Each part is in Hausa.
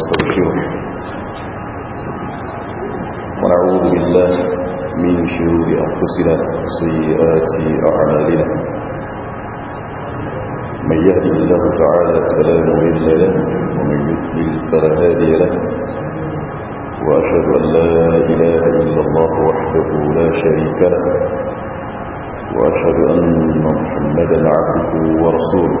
ونستغفره ونعوذ بالله من شرور أنفسنا وسيئات أعمالنا من يهد الله تعالى فلا مضل له ومن يضلل فلا هادي له وأشهد أن لا إله إلا الله وحده لا شريك له وأشهد أن محمدا عبده ورسوله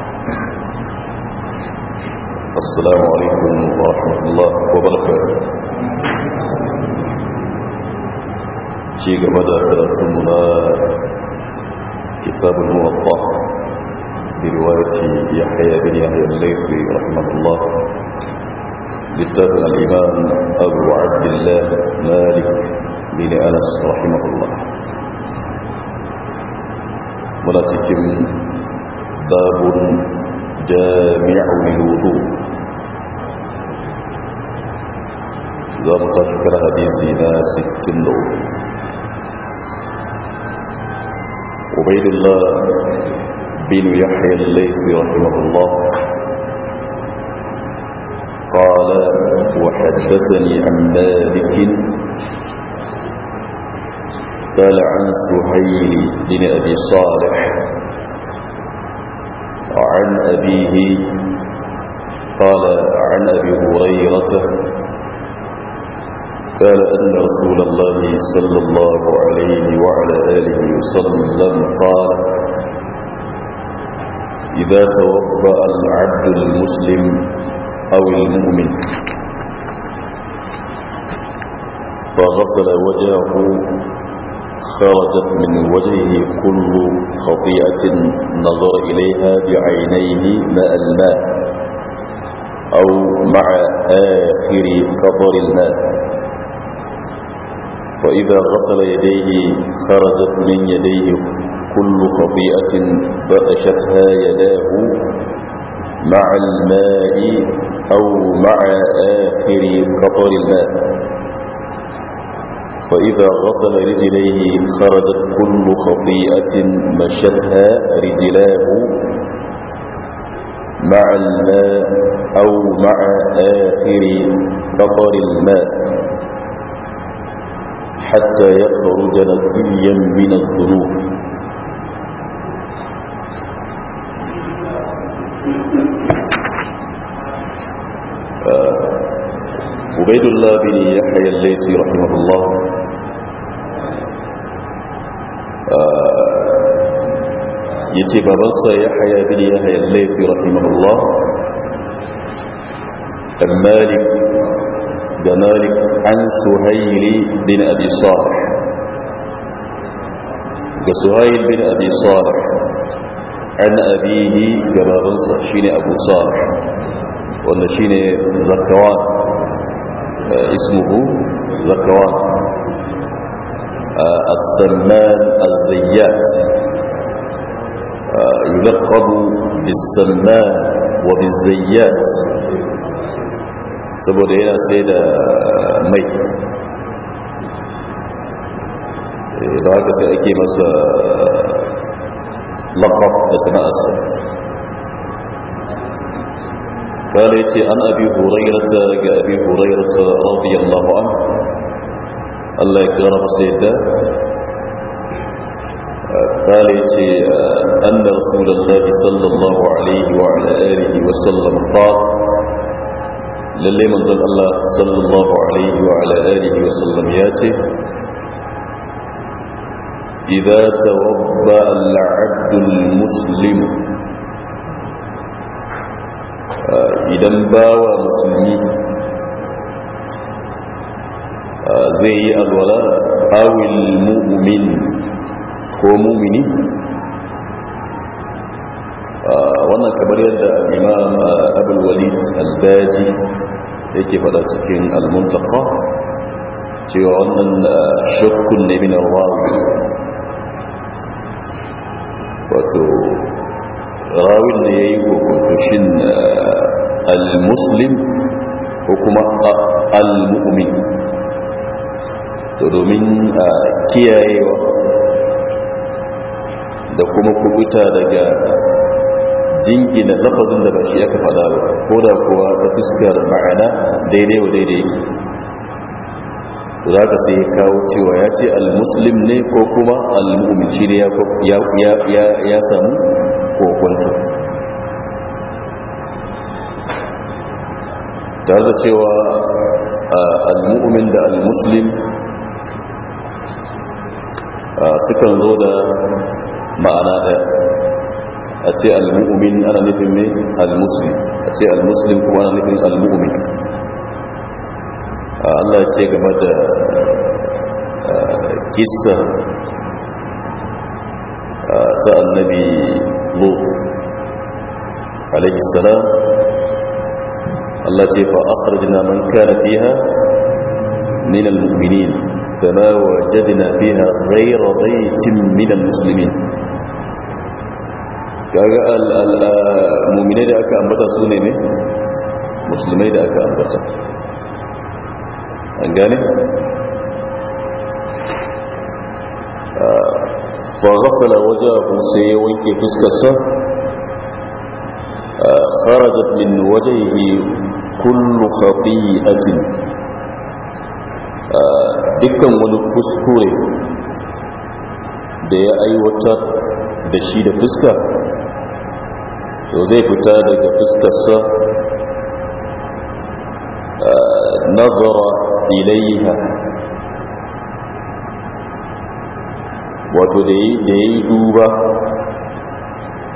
السلام عليكم ورحمة الله وبركاته شيء بدا كراتمنا كتاب الموضع برواية يحيى بن يحيى الليثي رحمه الله كتاب الإمام أبو عبد الله مالك بن أنس رحمه الله تكن باب جامع للوضوء za mu tashi kar hadisi na 63 ubaidullah bin yahya al-laysi rahimahullah قال وحدثني عن مالك قال عن سهيل بن أبي صالح عن أبيه قال عن أبي هريرة قال أن رسول الله صلى الله عليه وعلى آله وسلم قال إذا توضأ العبد المسلم أو المؤمن فغسل وجهه خرجت من وجهه كل خطيئة نظر إليها بعينيه ماء الماء أو مع آخر قطر الماء فإذا غسل يديه خرجت من يديه كل خطيئة بأشتها يداه مع الماء أو مع آخر قطر الماء فإذا غسل رجليه خرجت كل خطيئة مشتها رجلاه مع الماء أو مع آخر قطر الماء حتى يخرج نبيا من الذنوب آه، عبيد الله بن يحيى الليثي رحمه الله آه، يتي بابنسا يحيى بن يحيى الليثي رحمه الله المالك ذلك عن سهيل بن أبي صالح كسهيل بن أبي صالح عن أبيه كما غنص شين أبو صالح وأن شين ذكوان اسمه ذكوان آه، السمان الزيات آه، يلقب بالسمان وبالزيات saboda yana sai da eh, mai eh, da haka sai ake masa eh, laqab da sana'arsa قال يتي عن أبي هريرة أبي هريرة رضي الله عنه الله يكرم سيده قال يتي أن رسول الله صلى الله عليه وعلى آله وسلم قال lalle manzon Allah sallallahu alaihi wa ala alihi wa sallam ya ce idza tawabba al-'abd al-muslim idan bawa musulmi zai yi alwala awil mu'min ko mu'mini wannan kamar yadda imam abul walid al-baji yake fada cikin al-muntaqa cewa wannan shakkun ne min rawi wato rawin ne yayi kokonto shin al-muslim ko kuma al-mu'min to domin kiyayewa da kuma kubuta daga jingina lafazin da ba shi aka faɗa ba ko da kuwa ta fuskar ma'ana daidai wa daidai za ka sai kawo cewa ya ce al-muslim ne ko kuma al-mu'min shi ne ya samu kokonta tare da cewa al-mu'min da al-muslim sukan zo da ma'ana ɗaya ace al-mu'min ana nufin ne al-muslim ace al-muslim kuma ana nufin al-mu'min Allah ce game da kissa ta annabi lut alayhi salam Allah ce fa akhrajna man kana fiha min al-mu'minin wajadna fiha ghayra baytin min al-muslimin kaga mummine da aka ambata su ne ne musulmai da aka ambata an gane? faghasala wajahun sai ya wanke fuskarsa kharajat min wajhihi kullu khati'atin dukkan wani kuskure da ya aiwatar da shi da fuskar to zai fita daga fuskarsa nazara ilaiha wato da yi duba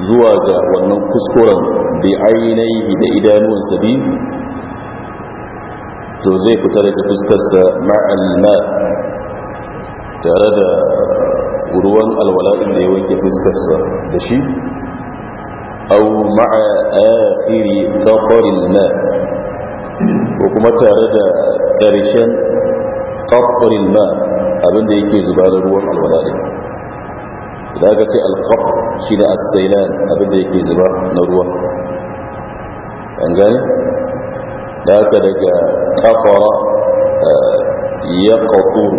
zuwa ga wannan kuskuren da ainihi da idanuwansa biyu to zai fita daga fuskarsa ma'alma tare da ruwan alwala'in da ya wanke fuskarsa da shi أو مع آخر قطر الماء وكما تارد أرشان قطر الماء أبن دي كي زبار الروح الولادة إذا قلت القطر شين السيلان أبن دي كي زبار الروح أنجاني لا لك قطر آه، يقطر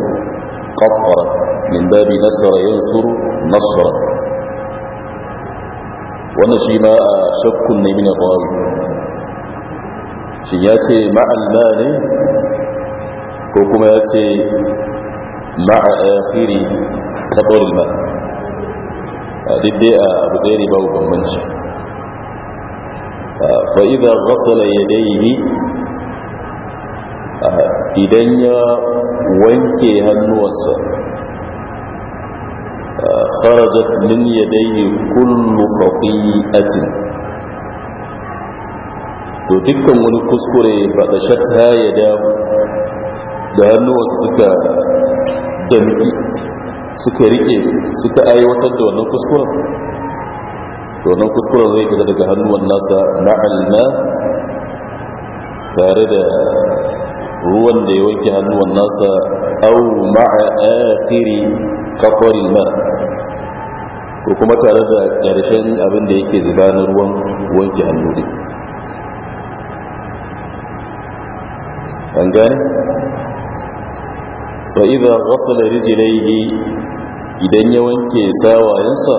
قطر من باب نصر ينصر نصر. wannan shi ma a shakkun ne min rawi shi ya ce ma'al mani ko kuma ya ce ma'a asiri ta ƙorin ma a diddai a abu ɗaya ne babu bambanci fa'iza ghasala yadayhi idan ya wanke hannuwarsa kharajat min yadayhi kullu khati'atin to dukkan wani kuskure ba da shatta da da hannuwansa suka damki suka rike suka aiwatar da wannan kuskuren to wannan kuskuren zai kaza daga hannuwan nasa na'alna tare da ruwan da ya wanke hannuwan nasa au ma'a akhiri kafarin mara ko kuma tare da ƙarshen abin da yake zuba na ruwan wanke hannu ne an gane fa idza ghasala rijlaihi idan ya wanke sawayensa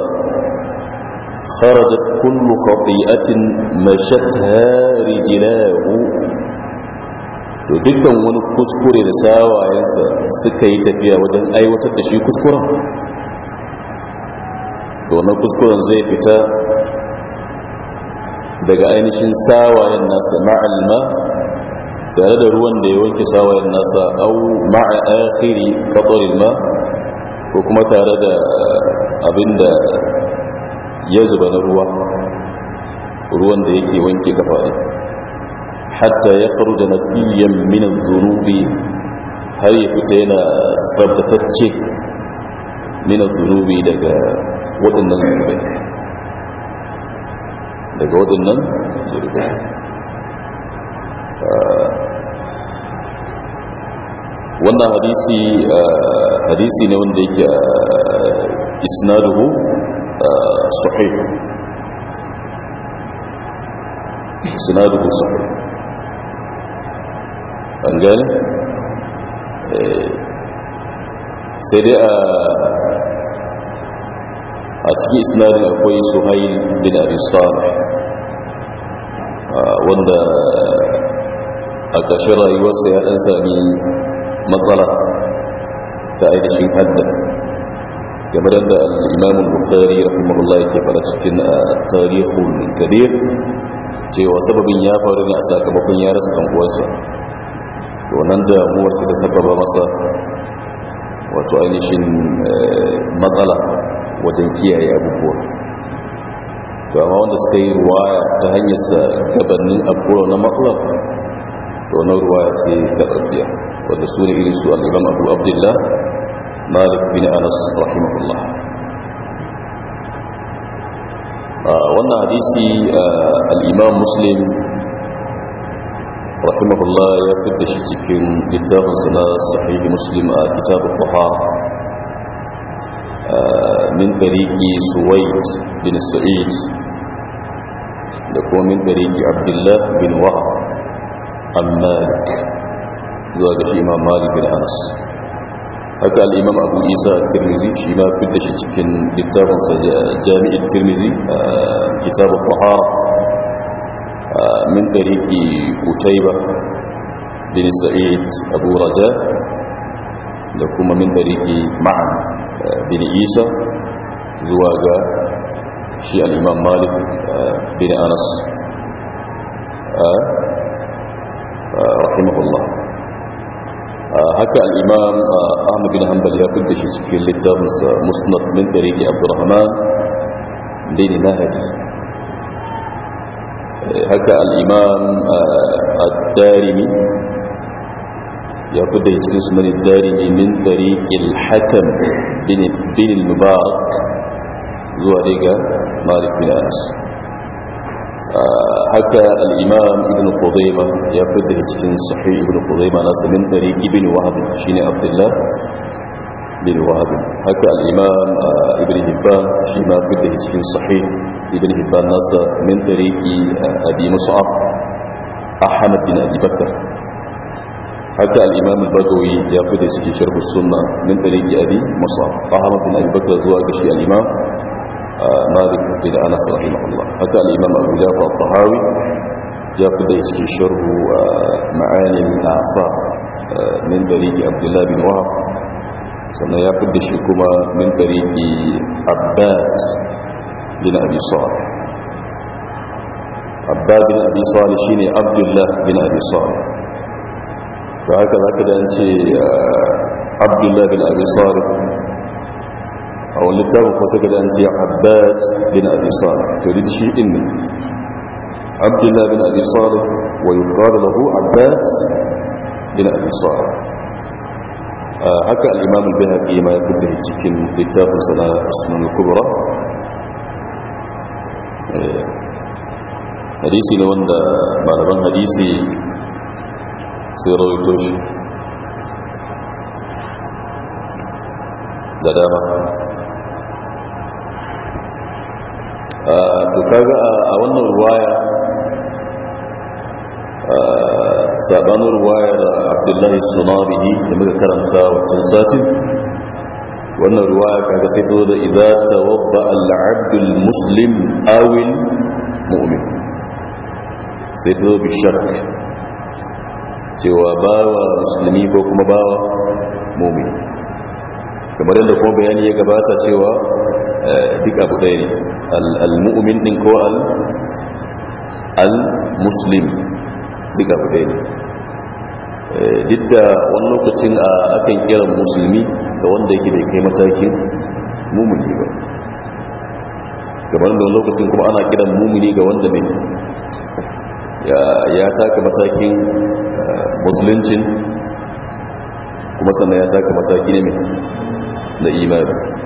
kharajat kullu khati'atin mashatha rijlahu to dukkan wani kuskure da sawayensa suka yi tafiya wajen aiwatar da shi kuskuren da wannan kuskuren zai fita daga ainihin sawayen nasa ma'alma tare da ruwan da ya wanke sawayen nasa au ma'a akhiri qadarin ma ko kuma tare da eh, abinda ya zuba na ruwa ruwan da yake wanke kafa ne hatta ya faru da nafiyan minan zunubi har ya fita yana tsabtatacce minan zunubi daga waɗannan zunubai daga waɗannan zunubai wannan hadisi hadisi ne wanda yake isnaduhu sahih isnaduhu sahih an gane sai dai a a cikin isnadin akwai suhail bin arisar ah, wanda a ƙarshen rayuwarsa ya ɗan sami matsala ta ainihin haddar game da al'imamun bukari rahimahullah ke fara cikin ah, tarihun kabir cewa sababin ya faru ne a sakamakon ya rasa uwarsa, wannan damuwarsa ta sababa masa wato ainihin eh, matsala wajen kiyaye abubuwa to amma wanda suka yi ruwaya ta hanyar sa gabanin abubuwa na matsalar to na ruwaya ce ga ɗarfiya wanda su ne irin su al'imam abu abdullah malik bin anas rahimahullah wannan hadisi al'imam muslim rahimahullah ya fidda shi cikin littafinsa na sahihi muslim a kitabun buhari من طريق سويد بن سعيد لكم من طريق عبد الله بن وعب عن مالك ذلك إمام مالك بن أنس هكذا الإمام أبو إيسا الترمزي فيما كنت شكرا كتابا جامع الترمزي آه، كتاب الطهار آه، من طريق كتيبة بن سعيد أبو رجاء لكم من طريق معن آه، بن إيسا ذواقا شيء الإمام مالك آه، بن أنس آه، آه، رحمه الله هكا الإمام أحمد بن حنبل يقول ده شسكي للترمز مصنط من طريق عبد الرحمن بن ناهدي هكا الإمام الدارمي يقول ده شسكي الدارمي من طريق الحكم بن المبارك zuwa dai ga malik bin anas haka al-imam ibn qudayma ya fada cikin sahih ibn qudayma na sanin dari ibn wahab shine abdullah bin wahab haka al-imam ibn hibban shi ma fada cikin sahih ibn hibban nasa min tariqi abi mus'ab ahmad bin abi bakr حتى الإمام البدوي يقول في شرب السنة من طريق أبي مصعب أحمد بن أبي بكر زواج الإمام مالك بن انس رحمه الله اتى الامام ابو جعفر الطهاوي يقضي استشاره معاني من اعصاب آه، من بريد عبد الله بن وهب ثم يقضي شكوما من بريد عباس بن ابي صالح عباس بن ابي صالح شيني عبد الله بن ابي صالح فهكذا كده انت آه، عبد الله بن ابي صالح a wani littafin ko sai da an ce abbas bin abi salih to dai shi din ne abdullah bin abi salih wa yuqal lahu abbas bin abi salih haka al-imam al-bayhaqi ma ya fitar cikin littafin sana sunan kubra hadisi ne wanda malaman hadisi sai rawaito shi da dama to kaga a wannan ruwaya sabanin ruwayar abdullahi sunarihi da muka karanta wancan satin wannan ruwaya kaga sai zo da idza tawadda al-abdul muslim awil mu'min sai zo bi sharh cewa bawa musulmi ko kuma bawa mu'min kamar yadda kuma bayani ya gabata cewa duk abu ɗaya ne al-mu'min ɗin ko al-muslim duk abu ɗaya ne eh, duk da wani lokacin a akan kiran musulmi da wanda yake da kai matakin mumuni ba kamar da lokacin kuma ana kiran mumuni ga wanda ne ya taka matakin eh, musuluncin kuma sannan ya taka mataki ne na imani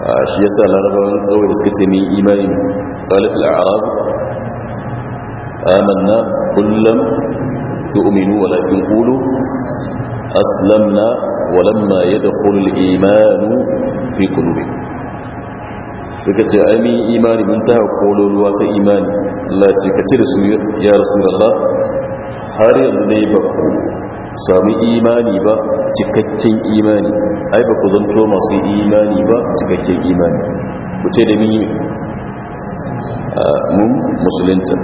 shi yasa larabawan kawai da suka ce ni imani qalib al-a'rab amanna kullum tu'minu walakin qulu aslamna walamma yadkhul al-iman fi qulubikum suka ce ai mun imani mun ta kololuwa ta imani Allah ce ka ce da su ya rasulullah har yanzu dai ba sami imani ba cikakken imani ai ba ku zanto masu imani ba cikakken imani ku ce da mini mun musulunta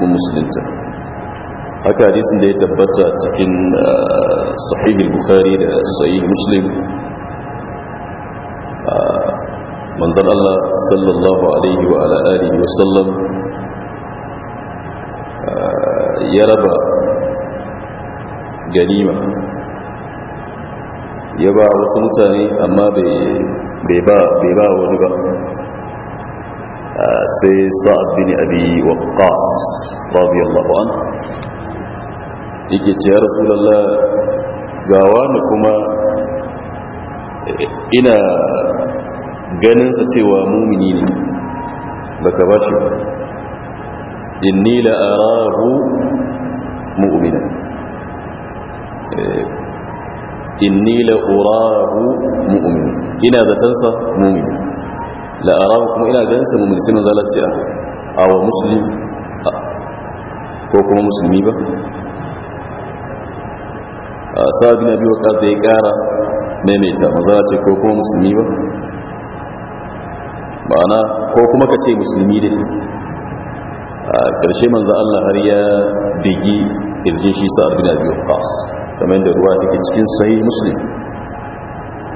mun musulunta haka hadisin da ya tabbata cikin sahihul bukhari da sahih muslim manzon Allah sallallahu alaihi wa ala alihi wa sallam ya raba ganima ya ba wasu mutane amma bai ba wani ba ah, sai sa'ad bin abi waqqas radiyallahu an yake ce ya rasulullah ga wani kuma ina ganinsa cewa mumini ne baka ba shi ba inni la'arahu mu'mina Eh, inni la urahu mu'min ina zatansa mu'min la arahu kuma ina ganin sa mu'min sai manzo Allah ce a ah, wa muslim ah, ko kuma musulmi ba ah, sa'ad bin abi waqas da ya kara maimaita manzo Allah ce ko kuma musulmi ba ma'ana ko kuma ka ce musulmi shi? a ƙarshe manzo Allah har ya bigi irjin shi sa'ad bin abi waqas kamar da ruwa take cikin sahih muslim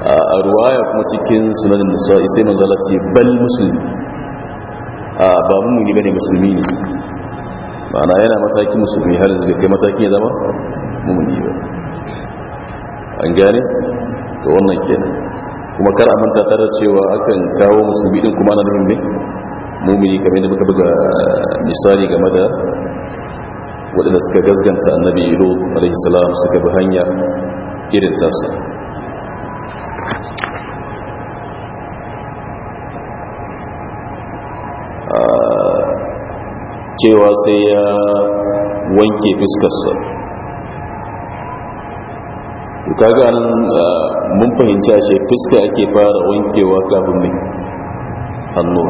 a ruwaya kuma cikin sunan nisa'i sai manzo Allah ce bal muslim a ba mun ne bane musulmi ne ma'ana yana matakin musulmi har yanzu kai matakin ya zama mumuni ba an gane to wannan kenan kuma kar a manta tare cewa akan kawo musulmi din kuma na nufin ne mumini kamar da muka buga eh, misali game da waɗanda suka gazganta annabi ilo alaihissalam suka bi hanya irin tasa ah, cewa sai ya wanke fuskarsa kaga nan ah, mun fahimci a fuska ake fara wankewa kafin mai hannu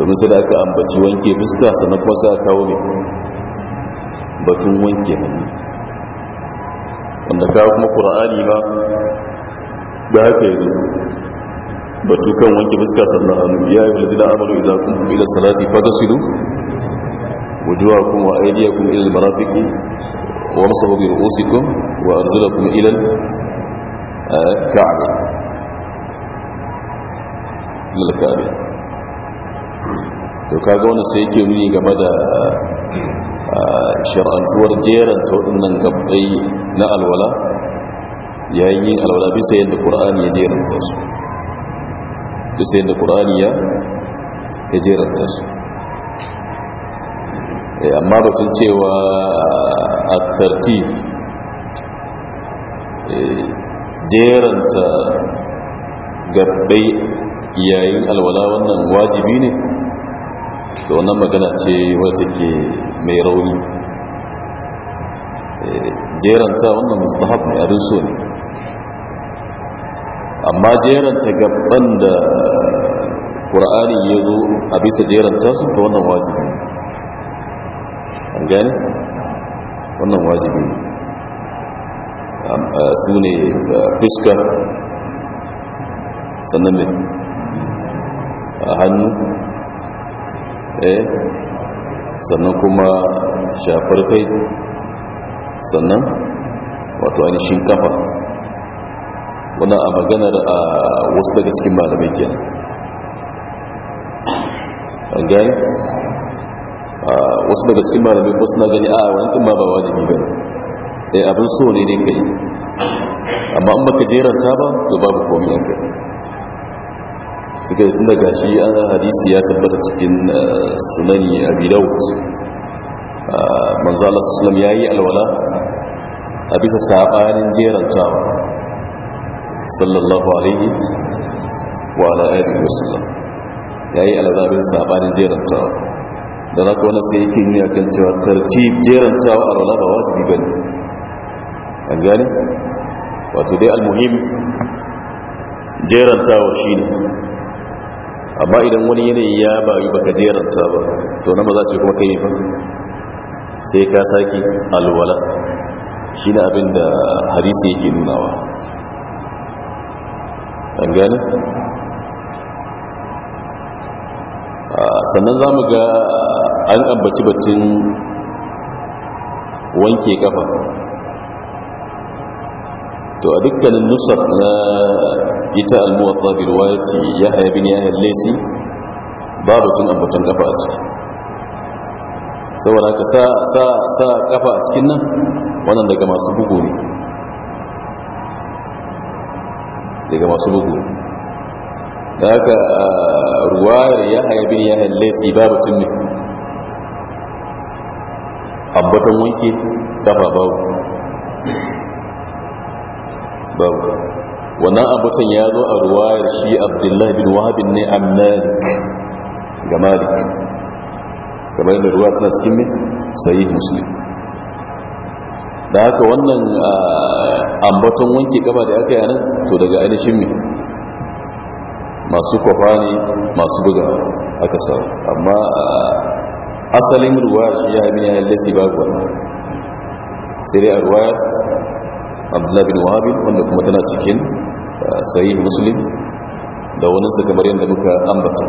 domin sai da aka ambaci wanke fuska sannan kuma sai a kawo mai batun wanke hannu wanda ka kuma ƙura'ani ba da haka yi batu kan wanke fuska sannan hannu ya yi wani zina amalu idan kun kuma ila salati fa gasilu wujuwa kuma wa aidiya kuma ila marafiki wa masahu bi ru'usikum wa arzula kuma ila ka'aba lil ka'aba to kaga wannan sai yake nuni game da shar'antuwar jeran nan gabai na alwala yayin yi alwala bisa yadda ƙur'ani ya jeranta su bisa yadda ƙura'ani ya jeranta su eh, amma batun cewa a tarti, eh, jeranta gabbai yayin alwala wannan wajibi ne da wannan magana ce wata ke mai rauni eh, jeranta wannan mustahab ne abin so ne amma jeranta gaban da ƙur'ani ya zo a bisa jeranta su ta wannan wajibi an gani wannan wajibi eh, su ne eh, fuska sannan ne a hannu eh sannan kuma shafar kai sannan wato ainihin kafa wannan a maganar a wasu daga cikin malamai kenan an gani wasu daga cikin malamai ko suna gani a wani kuma ma ba wajibi ba ne eh, abin so ne ne kai amma an baka jeranta ba to babu komi an suka tun daga shi an hadisi ya tabbata cikin eh, sunani abi daud ah, manzo Allah sallallahu alaihi yayi alwala a bisa sabanin jerantawa sallallahu alaihi wa ala alihi wasallam yayi alwala bin sabanin jerantawa da zaka wannan sai yake a kan cewa tartib jerantawa alwala ba wajibi bane an gane wato dai almuhim jerantawa ne. amma idan wani yanayi ya bayu baka jeranta ba to na ba za ce kuma kai ba sai ka sake alwala shi ne abin da hadisi yake nunawa an gani? sannan za mu ga an ambaci batun wanke kafa to a dukkanin nusar na ita almuwatta bi riwayati yahya bin yahya al-laysi babu tun ambaton kafa a ciki saboda ka sa sa sa kafa a cikin nan wannan daga masu bugu ne daga masu bugu da haka ruwayar yahya bin yahya al-laysi babu tun ne ambatan wanke kafa babu babu wannan abutan ya zo a ruwayar shi abdullahi bin wahabin ne a malik ga malik kamar yadda ruwa tana cikin mai sayi musulun da haka wannan ambaton wanke kaba da aka yanar to daga ainihin mai masu kwafa ne masu buga aka sa amma asalin ruwa shi ya hami yayin lasi babu sai dai a ruwayar abdullahi bin wahabin wanda kuma tana cikin sahih muslim da wani su kamar yadda muka ambata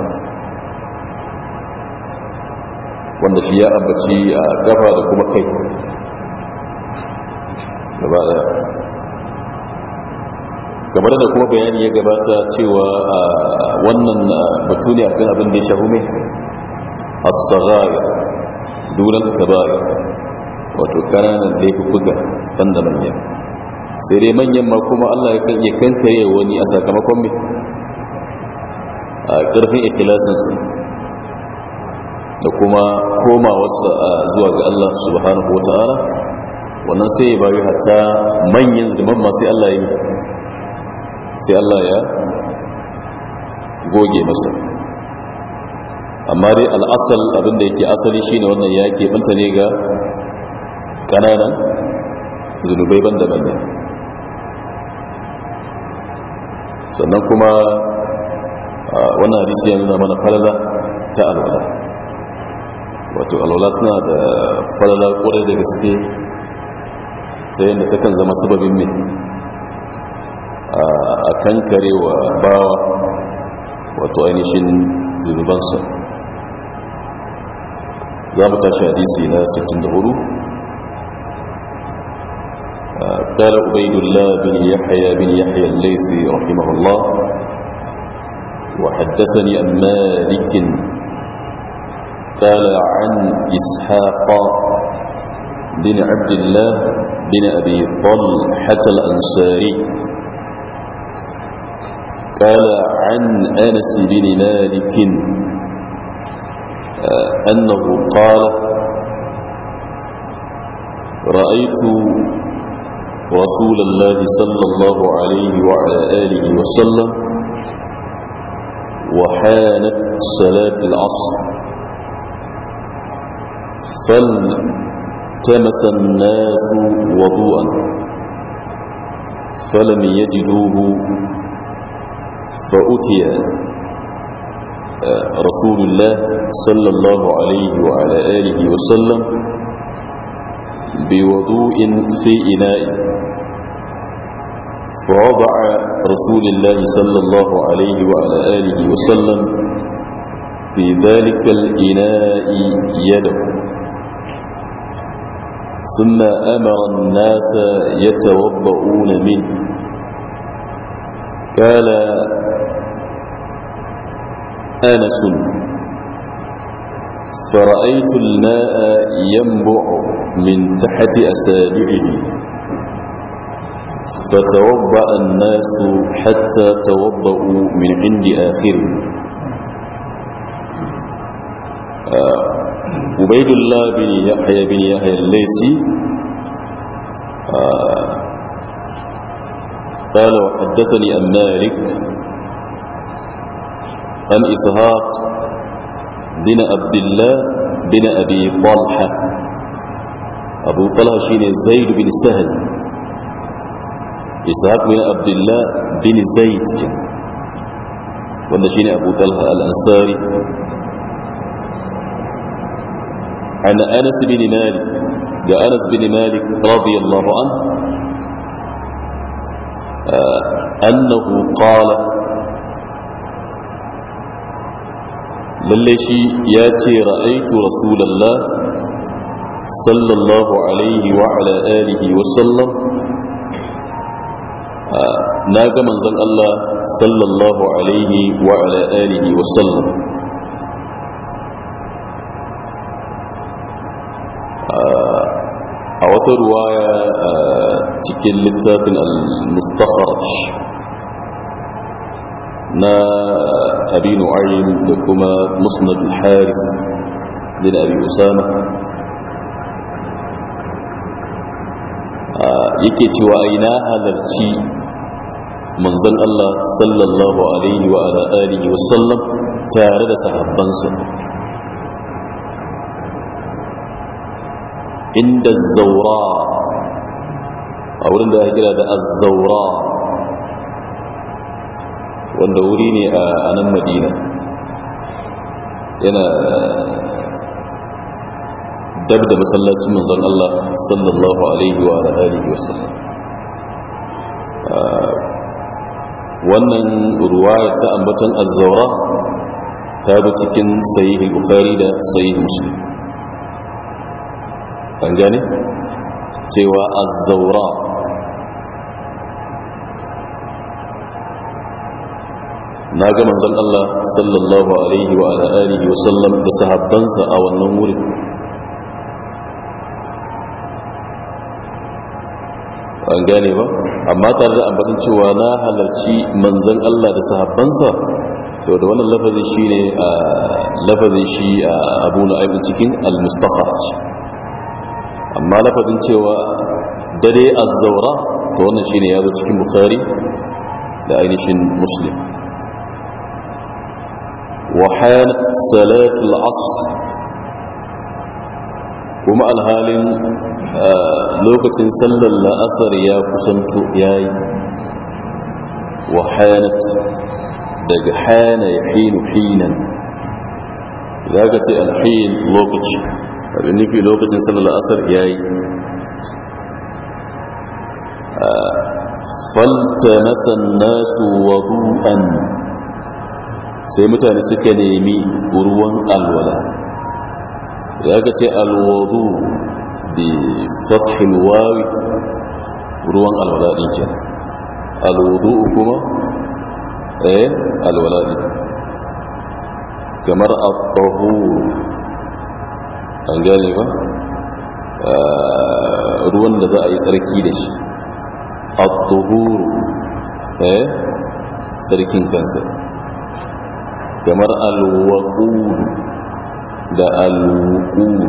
wanda shi ya ambaci a gaba da kuma kai gaba da kamar da kuma bayani ya gabata cewa wannan batu ne kan abin da ya shahu mai as-saghaya dunan kaba wato kananan laifuka da manyan sai dai manyan ma kuma Allah ya kan kankare wani a sakamakon mai a ƙarfin su, da kuma koma wasu zuwa ga Allah subhanahu wa ta'ala wannan sai ya bayu hatta manyan zuman masu Allah ya sai Allah ya goge masa amma dai al'asal abinda yake asali shine wannan ya ke ɓanta ne ga ƙananan zunubai ban da ban sannan kuma wannan hadisi ya nuna mana falala ta alwala wato alwala tana da falala kwarai da gaske ta yadda takan zama sababin mai a wa bawa wato ainihin zunubansa za mu tashi hadisi na 64 قال عبيد الله بن يحيى بن يحيى الليثي رحمه الله وحدثني عن مالك قال عن إسحاق بن عبد الله بن أبي طلحة الأنصاري قال عن أنس بن مالك آه، أنه قال رأيت رسول الله صلى الله عليه وعلى آله وسلم وحانت صلاة العصر فالتمس الناس وضوءا فلم يجدوه فأتي آه، رسول الله صلى الله عليه وعلى آله وسلم بوضوء في إناء فوضع رسول الله صلى الله عليه وعلى آله وسلم في ذلك الإناء يده ثم أمر الناس يتوضؤون منه قال أنس فرأيت الماء ينبع من تحت أسابعه فتوضأ الناس حتى توضأوا من عند آخر آه، عبيد الله بن يحيى بن يحيى الليسي آه، قال وحدثني أن مالك عن إسهاق بن عبد الله بن أبي طلحة أبو طلحة شين زيد بن سهل إسحاق بن عبد الله بن زيد وأن أبو طلحة الأنصاري عن أنس بن مالك جاء أنس بن مالك رضي الله عنه آه أنه قال lalle shi ya ce ra'aitu rasulallah sallallahu alaihi wa ala alihi wa sallam na ga manzon Allah sallallahu alaihi wa ala alihi wa sallam a wata ruwaya cikin littafin al-mustakhraj ما أبي نعيم لكما مصند الحارث من أبي أسامة آه، يكيت وأيناها للشيء منزل الله صلى الله عليه وعلى آله وسلم تارد سحبا عند الزوراء أولا لا يجرى الزوراء Da wuri ne a nan madina yana dab da masallacin manzon Allah sallallahu alaihi wa alihi wasallam wannan ruwaya ta ambatan az-zawra ta bi cikin sahih bukhari da sahih muslim an gane cewa az-zawra na ga manzon Allah sallallahu alaihi wa ala alihi wa sallam da sahabbansa a wannan wurin an gane ba amma tare da ambatin cewa na halarci manzon Allah da sahabbansa to da wannan lafazi shi ne a lafazi shi a abu na aibin cikin al-mustakhraj amma lafazin cewa dare az-zawra to wannan shine ya zo cikin bukhari da ainihin muslim وحال صلاة العصر وما الحال آه، لوقت صلى العصر يا كسنت ياي وحانت دق حان يحين حينا ذاكت الحين لوقت فإنك لوقت صلى العصر ياي آه، فالتمس الناس وضوءا sai mutane suka nemi ruwan alwala ya ga ce alwadu bi fathil wawi ruwan alwala din ke alwudu kuma eh alwala din kamar at-tahur an gane ba ah, ruwan da za a yi tsarki da shi at-tahur eh tsarkin kansa kamar alwaqul da alwuqul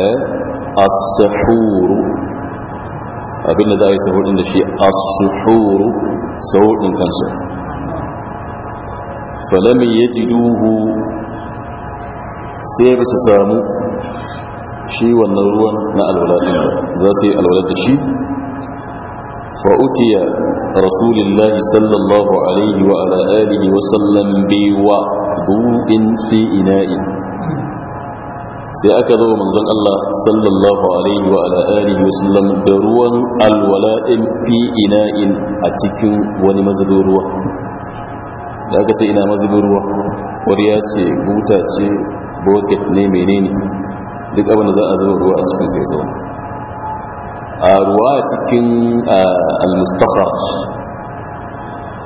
eh as-suhur abinda za a yi sahur din da shi as-suhur sahur din kansa falam yajiduhu sai ba su samu shi wannan ruwan na alwala din za su yi alwala da shi فأتي رسول الله صلى الله عليه وعلى آله وسلم بوضوء في إناء sai aka zo manzon Allah sallallahu alaihi wa ala alihi wa sallam da ruwan alwala alwala'in fi ina'in a cikin wani mazubin ruwa da aka ce ina mazubin ruwa wariya ce guta ce bucket ne menene duk abin da za a zuba ruwa a cikin sai zaune آه، رواية آه، المستخرج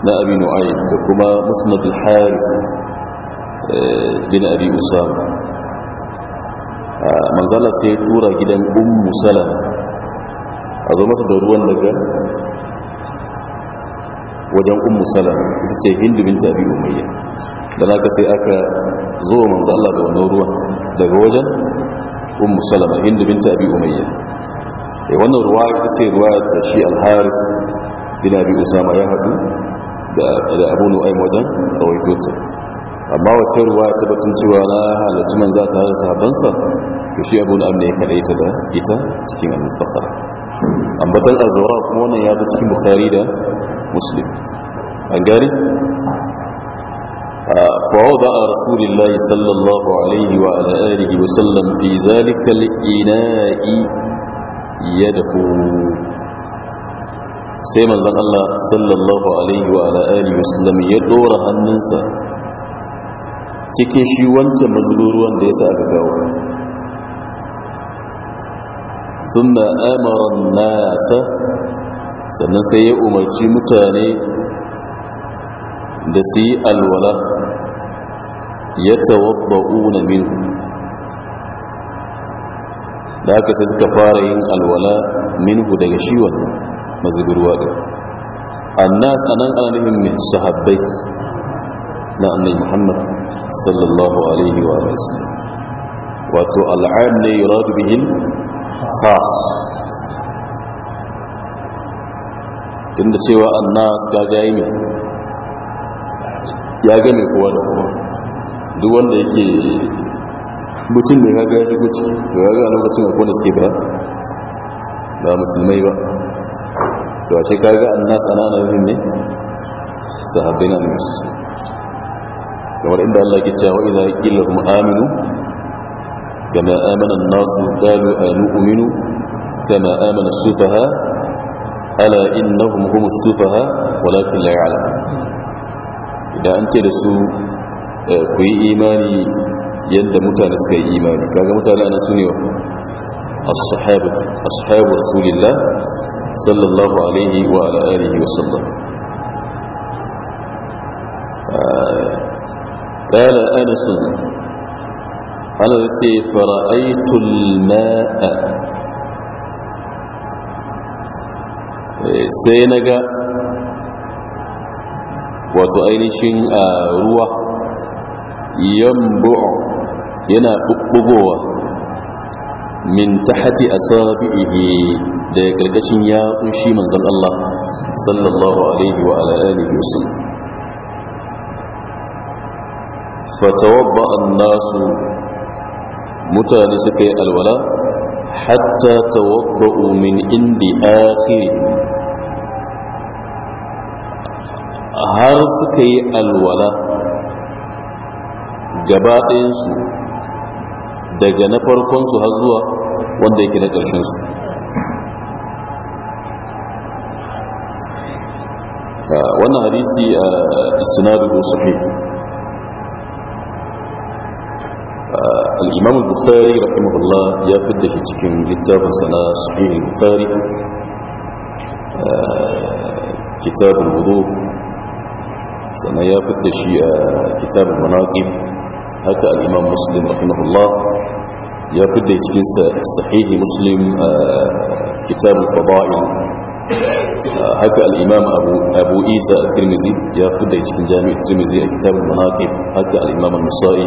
لأبي نعيم وكما مسند الحارث بن آه، أبي أسامة ما زال سيطورة جدا أم سلم أظن ما سدروا لك وجن أم سلم تتشي هند بنت أبي أمية لذلك سيأكا زور من زال الله بأنه روح لك وجن أم سلم هند بنت أبي أمية wannan ruwa ita ce ruwa da shi alharis bin abi usama ya hadu da abu nu'aim wajen rawaito ta amma wata ruwa ta batun cewa na halittu man za ta harsa habansa to shi abu nu'aim ne ya kaɗai ta da ita cikin al-mustafa ambatan azawara kuma wannan ya zo cikin bukhari da muslim an gari فوضع رسول الله صلى الله عليه وعلى آله وسلم في ذلك الإناء yadahu sai manzon Allah sallallahu alaihi wa ala alihi ya dora hannunsa cikin shi wancan mazururuwan da ya sa aka na ثم امر الناس sannan sai ya umarci mutane da su yi alwala ya tawabba'u na minu da haka sai suka fara yin alwala minhu daga shi wannan mazubirwa ɗin annas a nan ana nufin mai sahabbai na annai muhammad sallallahu alaihi wa sallam wato al'ad ne ya yuradu bihin khas tun da cewa annas ga gayi mai ya gane kowa da kuma duk wanda yake mutum da gaga ya shigo ciki da gaga a lokacin akwai da suke ba ba musulmai ba da wace kaga an nasa na ana yin ne haɗe na da musu kamar inda Allah ke cewa idan ƙila kuma aminu nasu ɗalu a yanu uminu ga kama aminan sufa sufaha ala kuma kuma as-sufaha walakin la ala idan an ce da su eh, ku yi imani yadda mutane suka yi imani kaga mutane ana su ne wa ashabu rasulillah sallallahu alaihi wa ala'arihi wasallam ƙala anasun ana ce fara'aitul ma'a sai naga wato ainihin ruwa yambu'u yana bubbugowa min tahati asabihi daga karkashin yatsun shi manzon Allah sallallahu alaihi wa ala alihi wasallam fatawabba an-nasu mutane suka yi alwala hatta tawabba'u min indi akhir har suka yi alwala gaba ɗayansu daga na farkonsu har zuwa wanda yake na ƙarshensu wannan hadisi a sinadu sahih الإمام البخاري رحمه الله يفد في تكن كتاب سنة صحيح البخاري كتاب الوضوء سنة يفد شيء كتاب المناقب haka al'imam muslim rahimahullah ya fidda cikin sahihi muslim kitab al-fada'il haka al'imam abu isa al-kirmizi ya fidda cikin jami'ar kirmizi a kitab al-manaqib haka al'imam al-musa'i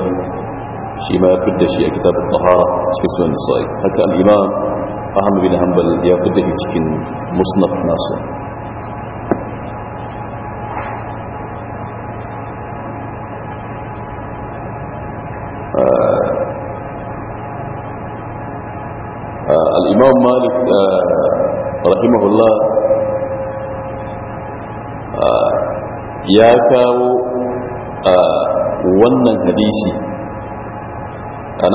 shi ma ya fidda shi a kitab al-tahara cikin sunan musa'i haka al'imam ahmad bin hanbal ya fidda cikin musnad nasa al'imam malik rahimahullah ya kawo wannan hadisi a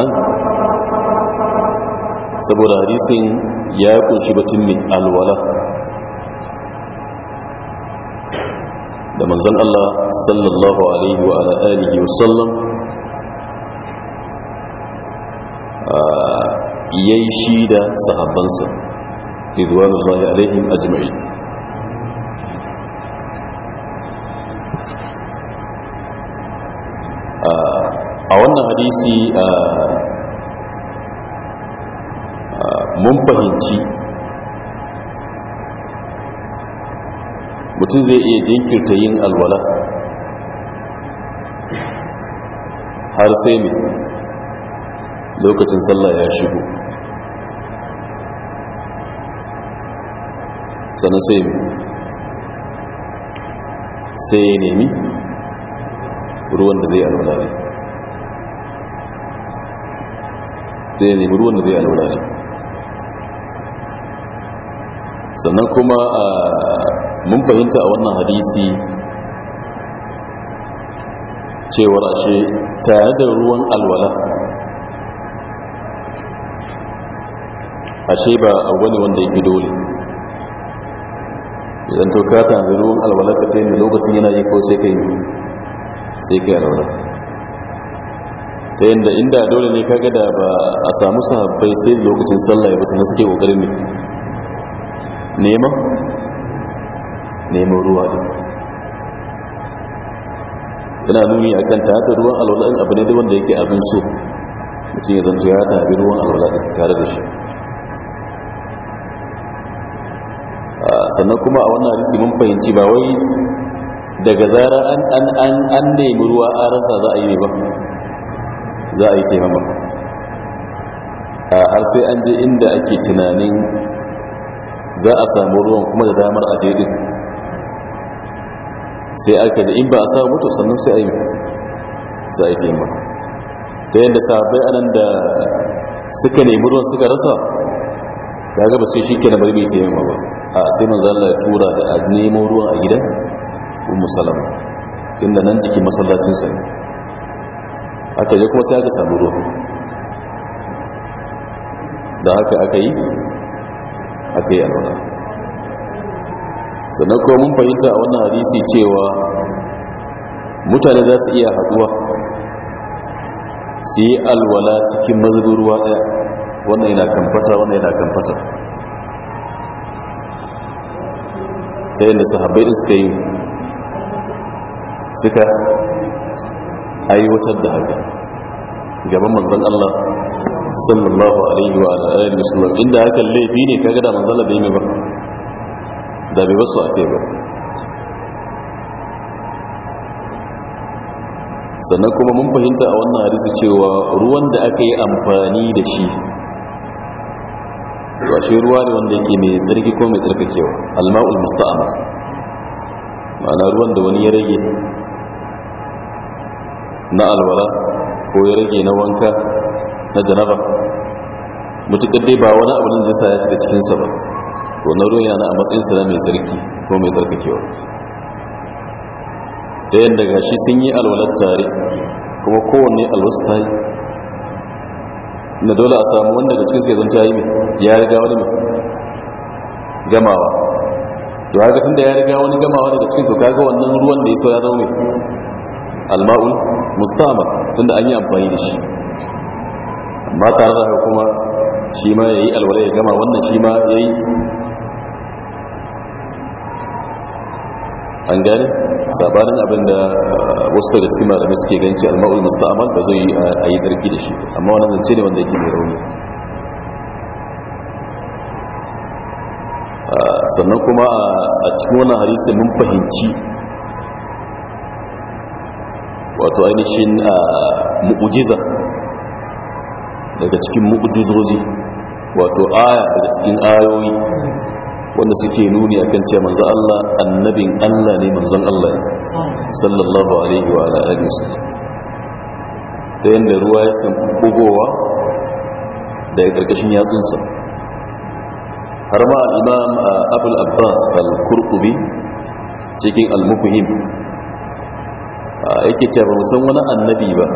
saboda hadisin ya ƙunshi batun mai alwala da manzan Allah sallallahu Alaihi wa alihi wasallam yayi shi da sahabbansa ridwanullahi alaihim ajma'in a wannan hadisi mun fahimci mutum zai iya jinkirta yin alwala har sai ne lokacin sallah ya shigo sannan sai sai ya nemi ruwan da zai alwala ne ya nemi ruwan da zai alwala ne sannan kuma mun fahimta a wannan hadisi cewar ashe tare da ruwan alwala ashe ba a wani wanda yake dole idan to ka kan ruwan alwalaka ta yi lokacin yana yi ko sai ka yi sai ka yi alwala ta yadda inda dole ne kaga da ba a samu sahabbai sai lokacin sallah ya basu suke kokari ne neman neman ruwa ne yana nuni a kan ta ruwan alwala abu ne da wanda yake abin so mutum ya zanta ya ta abin ruwan alwala tare da shi sannan kuma a wannan hadisi mun fahimci ba wai daga zarar an an an an nemi ruwa a rasa za a yi ne ba za a yi taimama a har sai an je inda ake tunanin za a samu ruwan kuma da damar a je din sai aka da in ba a samu to sannan sai a yi za a yi taimama ta yadda sahabbai anan da suka nemi ruwan suka rasa daga ba sai shi ke na bari mai taimama ba a sai mun zalla ya tura da a nemo ruwa a gidan ummu salama inda nan jikin masallacin sa ne aka je kuma sai aka samu ruwa da haka aka yi aka yi alwala sannan kuma mun fahimta a wannan hadisi cewa mutane za su iya haɗuwa su yi alwala cikin mazubin ruwa wannan yana kamfata wannan yana kamfata ta yadda sahabbai da suka yi suka aiwatar da haka gaban manzan Allah sallallahu alaihi wa alaihi wasallam inda hakan laifi ne ka da manzan Allah bai mai ba da bai wasu a kai ba sannan kuma mun fahimta a wannan hadisi cewa ruwan da aka yi amfani da shi Wa shi ruwa ne wanda yake mai tsarki ko mai tsarkakewa alma'ul musta'ama ma'ana ruwan da wani ya rage na alwala ko ya rage na wanka na janaba mutukar dai ba wani abu da sa ya shiga cikinsa ba to na ruwan yana a matsayin sa mai tsarki ko mai tsarkakewa ta yadda gashi sun yi alwalar tare kuma kowanne alwasu ta yi na dole a samu wanda da cikin sai ta yi mai ya riga wani mai gamawa to haka tunda ya riga wani gamawa daga cikin to kaga wannan ruwan da ya sauya zaune mai alma'ul mustamal tunda an yi amfani da shi amma tare da haka kuma shi ma ya yi alwala ya gama wannan shi ma ya yi an gane sabanin abin da wasu daga cikin malamai suke ganci alma'ul musta'mal ba zai a yi tsarki da shi amma wannan zance ne wanda yake mai rauni sannan kuma a cikin wannan hadisi mun fahimci wato ainihin mu'ujiza daga cikin mu'ujizozi wato aya daga cikin ayoyi wanda suke nuni akan ce manzo Allah annabin Allah ne manzon Allah sallallahu alaihi wa alihi wasallam ta yanda ruwa ya bugowa daga karkashin yatsunsa har ma al-imam Abul Abbas al-Qurtubi cikin al-Mufhim yake cewa ba san wani annabi ba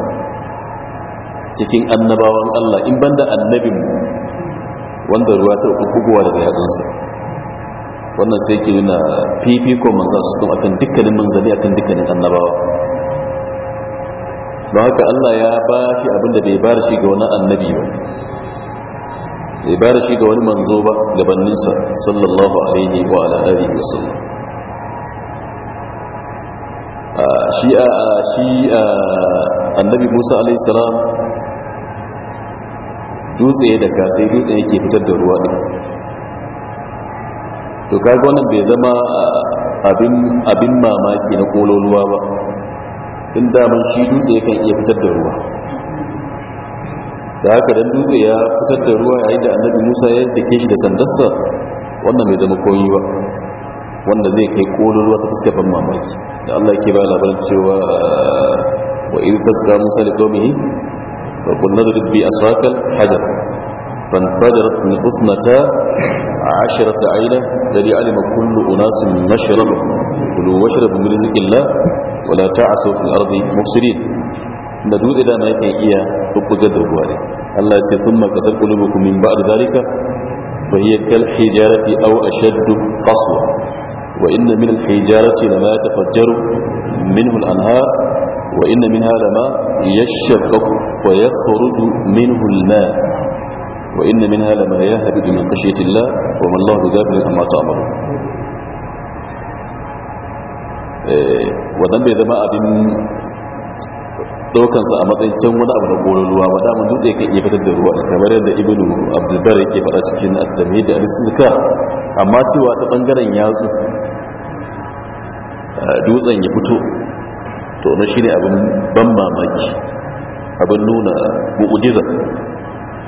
cikin annabawan Allah in banda annabin wanda ruwa ta bugowa daga yatsunsa wannan sai ke nuna fifiko manzan su akan dukkanin a akan dukkanin annabawa don haka allah ya ba shi abin da bai ba da shi ga wani annabi ba bai ba da shi ga wani manzo ba gabaninsa sallallahu alaihi wa ala alihi wa sallam shi a shi annabi musa alaihi salam dutse da kasai dutse yake fitar da ruwa ɗin to kaga wannan bai zama ah, abin mamaki na kololuwa ba in daman shi dutse yakan iya fitar da ruwa da haka dan dutse ya fitar da ruwa yayin da annabi musa ya dake shi da sandarsa wannan bai zama koyi ba wanda zai kai kololuwa ta fuskar ban mamaki da allah ke ba labarin cewa ah, wa in tasga musa da tomihi wa kunna da a asakal hajar فانفجرت من اثنتا عشرة عينة الذي علم كل أناس مشرب كلوا واشربوا من رزق الله ولا تعسوا في الأرض مفسدين. ندود إلى ما يكي إيا تبقى جدر بوالي الله يتي ثم كسر قلوبكم من بعد ذلك فهي كالحجارة أو أشد قسوة. وإن من الحجارة لما يتفجر منه الأنهار وإن منها لما يشبك ويخرج منه الماء وإن منها لما يهب من خشية الله وما الله بغافل عما تعمل إذا ما zama abin sa a matsayin can wani abu na goron ruwa ba mun dutse ka iya fitar da ruwa kamar yadda ibnu abdulbar yake faɗa cikin attami da arisizka amma cewa ta bangaren yatsu eh, dutsen ya fito to na shine abin ban mamaki abin nuna bu'ujiza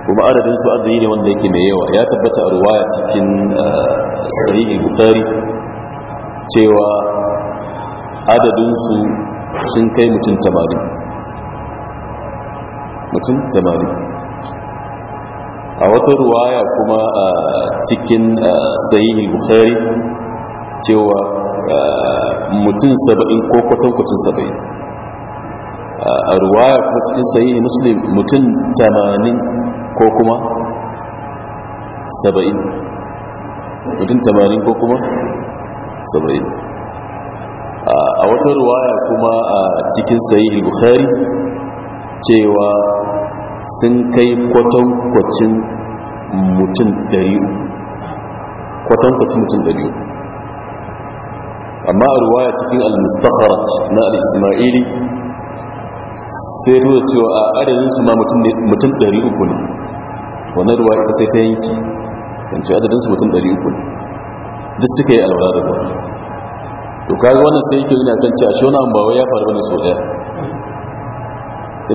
kuma adadin su adadi ne wanda yake mai yawa ya tabbata a ruwaya cikin eh, sahihi bukhari cewa adadin su sun kai mutum tamari mutum tamari a wata ruwaya kuma a eh, cikin eh, sahihi bukhari cewa mutum saba'in ko kwatankwacin saba'in a ruwaya kuma cikin sahihi muslim mutum tamanin ko kuma saba'in mutum tamanin ko kuma saba'in a wata ruwaya kuma a cikin sayi bukhari cewa sun kai kwatankwacin mutum ɗari kwatankwacin mutum ɗari amma a ruwaya cikin al-mustakharat na al-ismaili sai ruwa cewa a adadin su ma mutum uku ne wannan ruwa ita sai ta yanki kan adadin su mutum 300 uku. duk suka yi alwara da ruwa to kaga wannan sai yake nuna kan ce a shona an bawa ya faru ne sau daya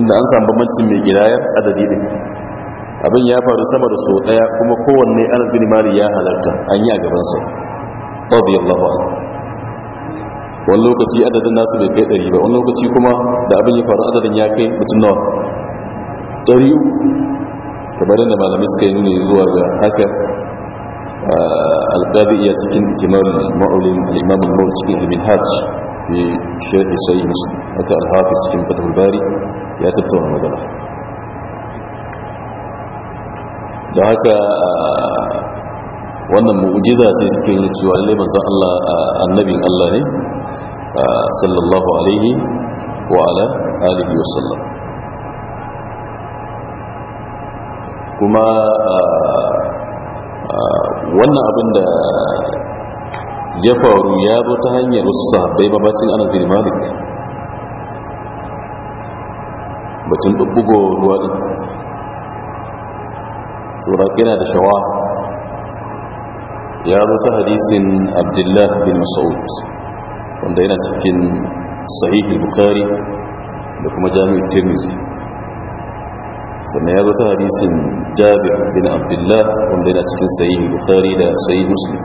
inda an samu bambancin mai gidayar adadi din abin ya faru sama da sau daya kuma kowanne anas bin Mara ya halarta an yi a gaban sa radiyallahu anhu wani lokaci adadin nasu bai kai ɗari ba wani lokaci kuma da abin ya faru adadin ya kai mutum nawa ɗari kamar da malamai suka yi nuni zuwa ga haka alƙabi'iya cikin imamun ma'ulin imamun ma'ul cikin ilmin hajj fi shaɗi sai musu haka alhafi cikin fatahul bari ya tattauna magana da haka wannan mu'ujiza ce suke yi cewa lalle manzon Allah annabin Allah ne sallallahu alaihi wa ala alihi wa sallam kuma wannan abin da ya faru ya zo ta hanyar wasu sahabbai ba basin ana bin malik batun ɗubbugo ruwa ɗin yana da shawa ya zo ta hadisin abdullah bin mas'ud wanda yana cikin sahih bukhari da kuma Jami'in tirmidhi sannan ya zo hadisin jabir bin abdullah wanda yana cikin sayi bukhari da sayi muslim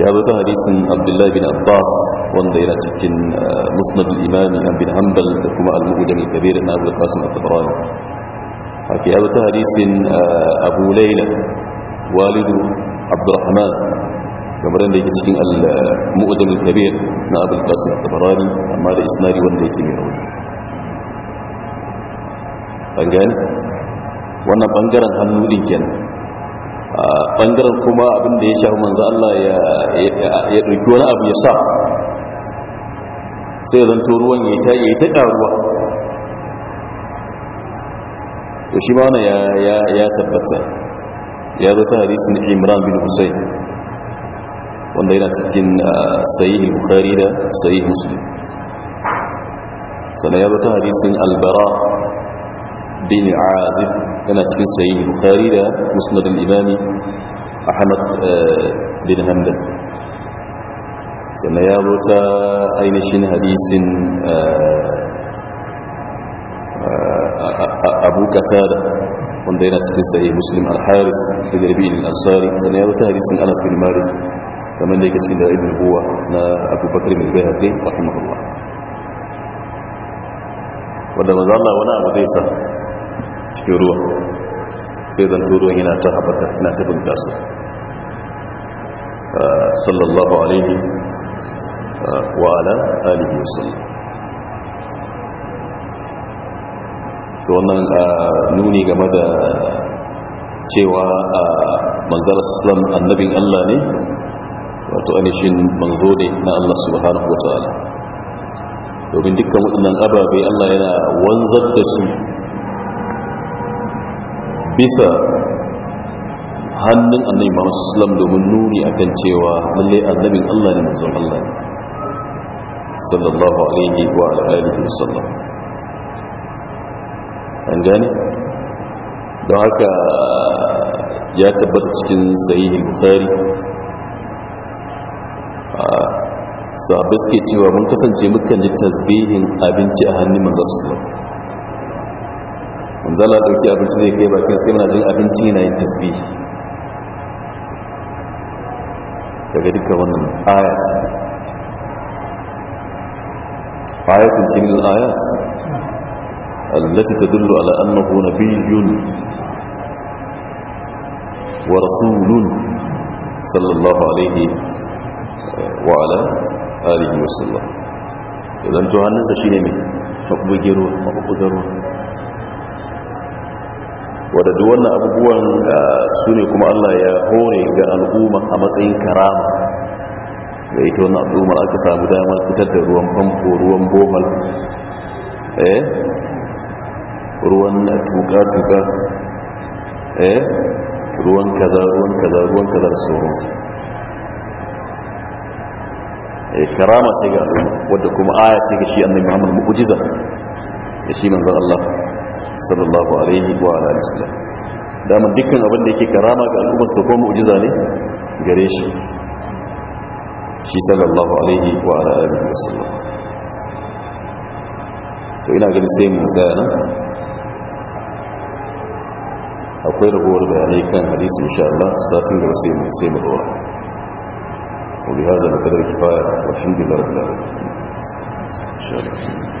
ya zo hadisin abdullah bin abbas wanda yana cikin eh, musnad al-imami bin hanbal da kuma al-mu'udan al-kabir na abu qasim at-tabrani haka ya zo hadisin eh, abu Laila, walidu abdurrahman kamar yadda yake cikin al-mu'udan eh, al-kabir na abu qasim at-tabrani amma da isnadi wanda yake mai rauni an wannan bangaren hannu din kenan bangaren kuma abin da ya shafi manzo Allah ya ya dauki wani abu ya sa sai zan to ruwan ya ta ya ta karuwa to shi ba ya ya ya tabbata ya zo ta hadisin Imran bin Husayn wanda yana cikin sahih Bukhari da sahih Muslim sannan ya zo ta hadisin Al-Bara بن عازب كان في سيد البخاري ده مسند الامام احمد آه، بن حنبل سنه يروت اين شن حديث آه، آه، ابو قتاده عند هنا في مسلم الحارث في دربي الانصاري سنه يروت حديث انس بن مالك ومن ذلك سيد ابن هو ابو بكر بن بهدي رحمه الله وده ما الله ونعم وديسه cikin ruwa sai zanto turo yana ta haɓaka yana ta bunkasa sallallahu alaihi wa ala alihi wasallam to wannan nuni game da cewa manzar islam annabin Allah ne wato ainihin manzo ne na Allah subhanahu wa ta'ala domin dukkan waɗannan ababe Allah yana wanzar da su bisa hannun annabi Muhammad sallallahu alaihi wasallam domin nuni akan cewa lalle annabin Allah ne manzon Allah ne sallallahu alaihi wa alihi wasallam an gane don haka ya tabbata cikin sahihi bukhari sahabbai cewa mun kasance mukan ji tasbihin abinci a hannun manzon sallallahu manzala dauki abinci zai kai bakin sai muna jin abinci na yin tasbih daga dukkan wannan ayat ayatun cikin ayat allati التي تدل على أنه نبي ورسول صلى الله عليه وعلى آله وسلم إذن تهنس شيء من حقب جروح وحقب دروح wadda duk wannan abubuwan ah, su ne kuma Allah ya hore ga al'umma a matsayin karama da ita wannan al'ummar aka samu damar fitar da ruwan famfo ruwan bomal eh ruwan tuka-tuka eh ruwan kaza ruwan kaza ruwan kaza da su eh karama ce ga al'umma wadda kuma aya ce ga shi annabi Muhammad mu'jiza da shi manzon Allah sallallahu alaihi wa alihi wasallam dama dukkan abin da yake karama ga al'ummar su ko mu'jiza ne gare shi shi sallallahu alaihi wa alihi wasallam to ina ganin sai mu tsaya nan akwai ragowar bayanai kan hadisi insha Allah satin gaba sai mu sai mu dora وبهذا نقدر الكفايه والحمد لله رب العالمين ان شاء الله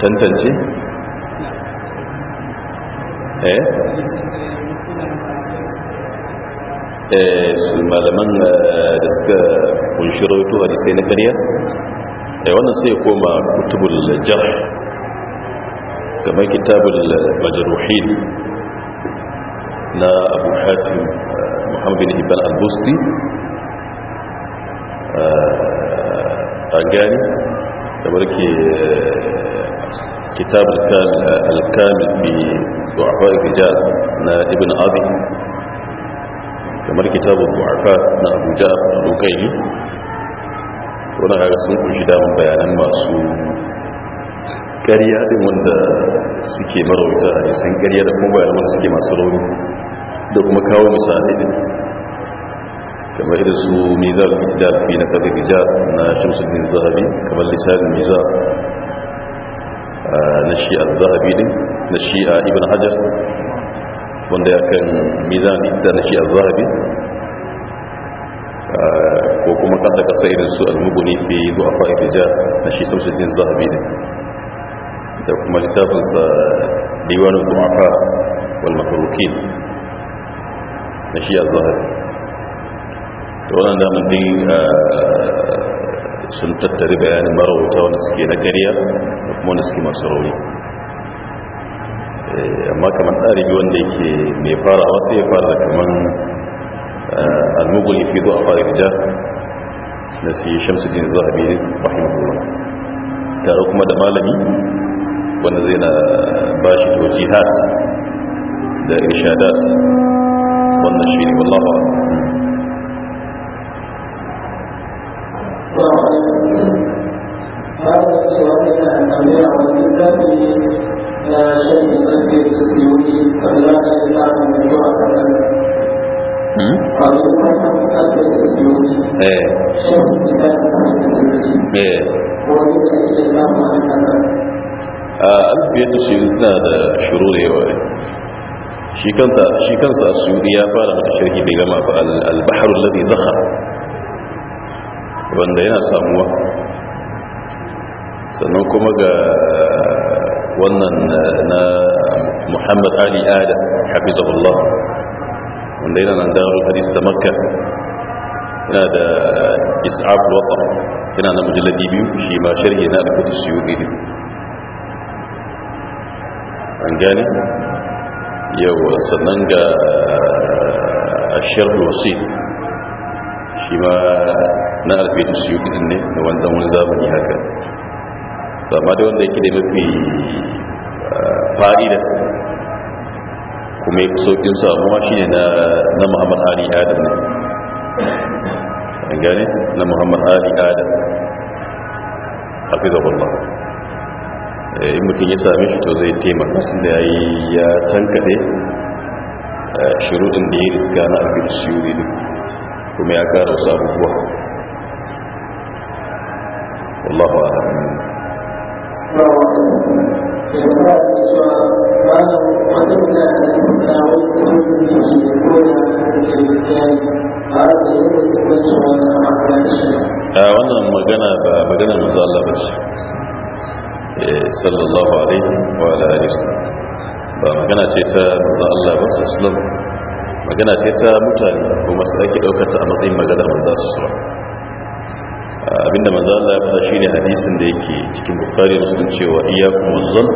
tantance eh eh su malaman da suka kunshi rawaito hadisai na kariya eh wannan sai koma kutubul jarh kamar kitabul majruhin na abu hatim muhammad bin ibn al-busti a gani da barke الكتاب الكامل في ضعفاء الرجال ابن أبي kamar kitabu bu'afa na abu ja'afar lokaini wani haka sun kunshi damar bayanan masu ƙarya ɗin wanda suke marauta a isan ƙarya da kuma bayanan wanda suke masu rauni da kuma kawo misali ɗin kamar irin su nizar fitilafi na ƙarfi rija na shamsu din zahabi kamar lissarin na shi'a zahabi din na shi'a ibn hajar wanda ya kan mizan da na shi'a zahabi ko kuma kasa-kasa irin su al-muguni fi zuwa fa'idija na shi saushidin zahabi din da kuma littafinsa diwanin du'afa wal mafarukin na shi a zahabi ta wannan damin din sun tattari bayanin marawuta wanda suke na kariya da kuma wanda suke masu rauni eh, amma kamar ɗaribi wanda yake mai fara wasu ya fara kamar eh, almugul fi zuwa fara gida na su yi shamsu zuwa zahabi ne rahimahullah tare kuma da malami wanda zai na ba shi jihad da irshadat wannan shi ne wallawa eh eh ah, shi na da shuru da yawa shi kansa a ya fara mata shirki bai gama ba albaharun ladi zaka wanda yana samuwa sannan kuma ga wannan eh, na muhammad ali adam hafizahullah wanda yana nan darar hadis da makka ina da is'af al-wata ina na mujalladi biyu shi ma sharhi na al-kutub suyuti ne an gane yau sannan ga sharh wasit shi ma na al-kutub suyuti ne da wanda wani zamani haka to amma da wanda yake da mafi fa'ida kuma ya fi saukin samuwa shi ne na muhammad ali adam ne an gane na muhammad ali adam hafizahullah eh, in mutum ya sami shi to zai taimaka sun eh, da ya tankade shirudin da ya riska na abin shiri kuma ya kara wasu abubuwa wallahu a'lam Allah ba ce eh, sallallahu alaihi wa alaihi ba magana ce ta manzon Allah ba su islam magana ce ta mutane kuma su ake ɗaukar ta a matsayin maganar manzon su ah, abinda manzon Allah ya faɗa shine hadisin da yake cikin bukhari muslim cewa iyyakum wazzan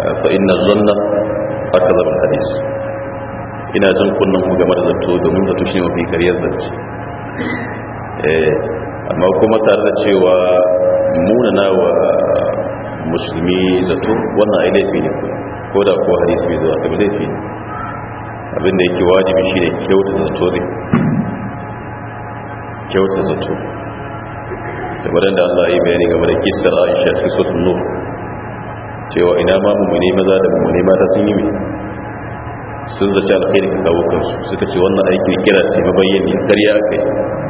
ah, fa na zanna akzab hadis ina jan kunnan ku game da zato domin zato shine mafi kariyar zance eh, amma kuma tare da cewa munana wa musulmi zato wannan ainihin fi ne ko da kuwa hadisi mai zuwa zai fi ne abinda yake wajibi shi ne kyauta zato ne kyauta zato wadanda da Allah ya yi bayani game da Aisha cikin suratul tunu? cewa ina ma ne maza da ne mata sun yi sun zace alkhairi ka kawo kansu suka ce wannan aikin kira ce mabayyani ƙarya aka yi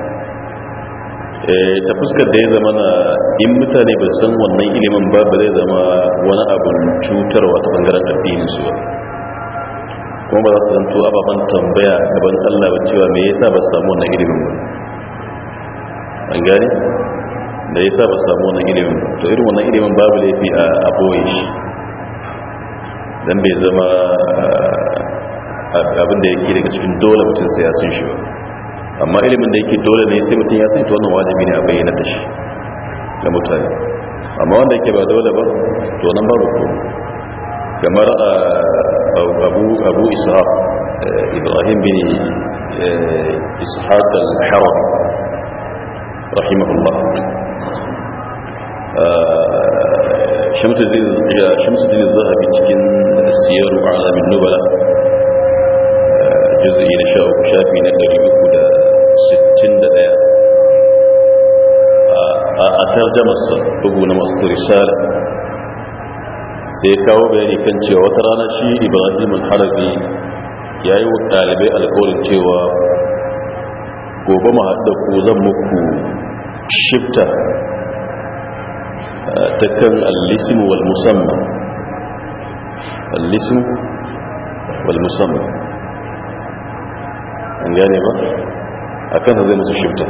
Eh, ta fuskar da ya zama na in mutane ba san wannan ilimin ba ba zai zama wani abin cutarwa ta bangaren addininsu ba kuma ba za su zanto ababen tambaya gaban allah ba cewa me yasa ba samu wannan ilimin ba an gani da yasa ba samu wannan ilimin ba, to irin wannan ilimin babu laifi a aboye shi dan bai zama abin da yake daga cikin dole mutum sai ya san shi ba amma ilimin da yake dole ne sai mutum ya san to wannan wajibi ne a bayyana da shi ga mutane amma wanda yake ba dole ba to nan ba ko kamar abu abu ishaq ibrahim bin ishaq al-haram rahimahullah shamsuddin zahabi cikin siyar alamin nubala juzi na sha uku shafi na ɗari uku da 61 a tarjamarsa bugu na masu risala sai kawo bayani kan cewa wata rana shi ibrahim al-harabi ya yi wa ɗalibai alkawarin cewa gobe ma haɗa ku zan muku shifta ta kan al-lisim wal musamman al-lisim wal musamman an gane ba a kansa zai musu shifta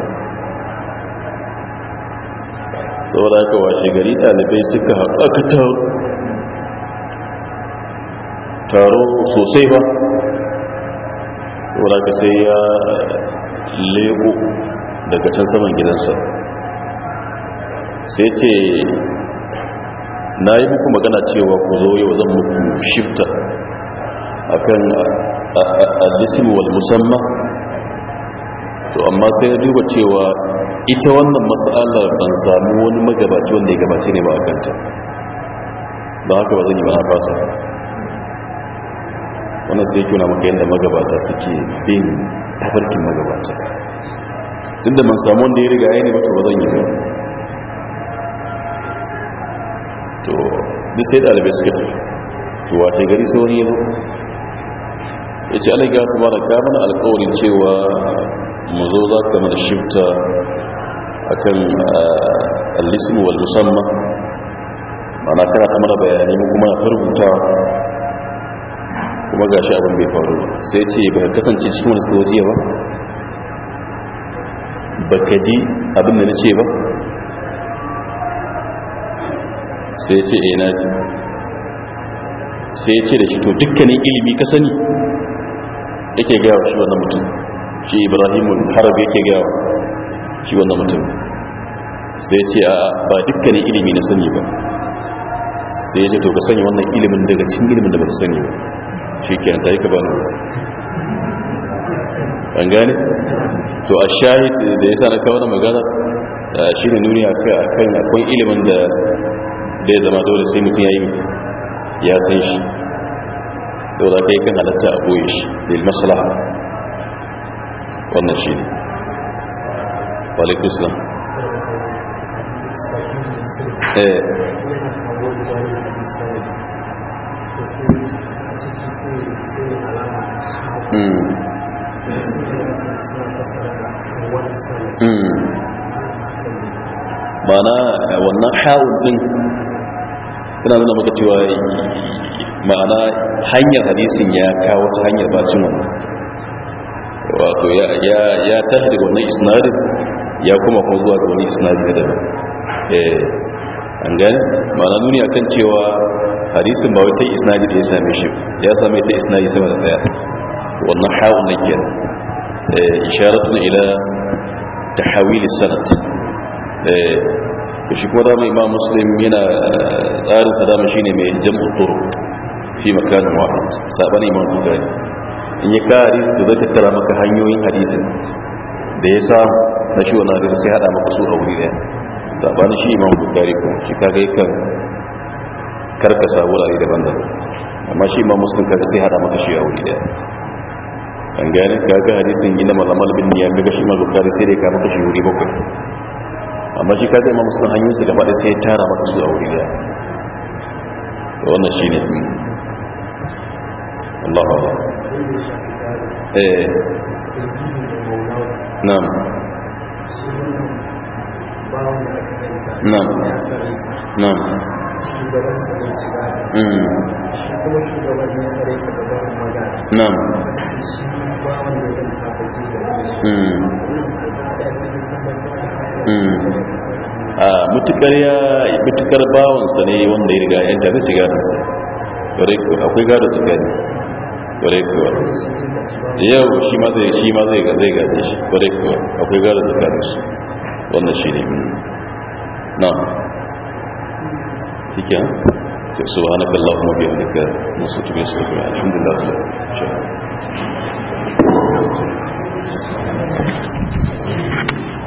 saboda aka washe gari ɗalibai suka haɓaka taro sosai ba saboda aka sai ya leƙo daga can saman gidansa sai ce na yi muku magana cewa ku zo yau zan muku shifta akan al-ismu wal musamman to amma sai na duba cewa ita wannan matsalar ban samu wani magabaci wanda ya gabace ne ba a kanta don haka ba zan yi mana fata wannan sai kuna na maka yadda magabata suke bin tafarkin magabata tun da ban samu wanda ya riga ya ne maka ba zan yi ba to duk sai ɗalibai suka tafi to wace gari sai wani ya zo ya ce alaga kuma da kamar alƙawarin cewa mazo za ka mana shifta a kan eh, alisimu wal musamman mana kana ta mana bayanai mu kuma ya farbuta kuma ga shi abin bai faru sai ce ba kasance cikin wani sojiya ba ba ka ji abin da na ce ba sai ce eh na ji sai ce da shi to dukkanin ilimi ka sani yake gaya wa shi wannan mutum shi ibrahimul harab yake ga shi wannan mutum sai ce a ba dukkanin ilimi na sani ba sai ce to ka sanya wannan ilimin daga cikin ilimin da ba ka sani ba shi ke ta yi ka bani ba. an gane to a shahid da ya sa na kawo na magana shi ne nuni a kan akwai ilimin da ya zama dole sai mutum ya yi ya san shi saboda kai kan halatta a boye shi da ilmaslaha wannan shi ne walekusa eh mana hmm. hmm. eh, wannan ha'un din ina nuna maka cewa ma'ana hanyar hadisin ya kawo ta hanyar bacin wannan wato ya tashi daga wannan isnadin ya kuma kuma zuwa ga wani isnadin da daban eh, an gani ma'ana nuni a kan cewa hadisin ba wata isnadi da ya same shi ya same ta isnadi sama da daya wannan hawan na kiyar eh, isharatun ila ta hawili sanat eh, da shi kuma dama imam muslim yana tsarin sadama shine mai jam'u turu fi makanin wahid saɓanin imam bukari in ya kawo hadisi zai tattara maka hanyoyin hadisin da ya samu na shi wani hadisi sai hada maka su a wuri daya sabanin shi imam bukari ko shi kaga yakan karkasa wurare daban-daban amma shi imam muslim kaga sai hada maka shi a wuri daya an ka kaga hadisin yi na malamal bin ya kaga shi imam bukari sai dai ka maka shi wuri bakwai amma shi kaga imam muslim hanyoyin su gaba da sai ya tara maka su a wuri daya wannan shine Allah Allah eh na'am na'am na'am ya hmm. hmm. hmm. a ah, mutukar ya mutukar bawansa ne wanda ya riga ya shiga nasa akwai gado tsakani kwarai kuwa yau shi ma zai shi ma zai zai gaje shi kwarai kuwa akwai gara tsakanin su wannan shi ne na shike to subhanaka allahumma bihamdika nasutu bi sabri alhamdulillah Thank you.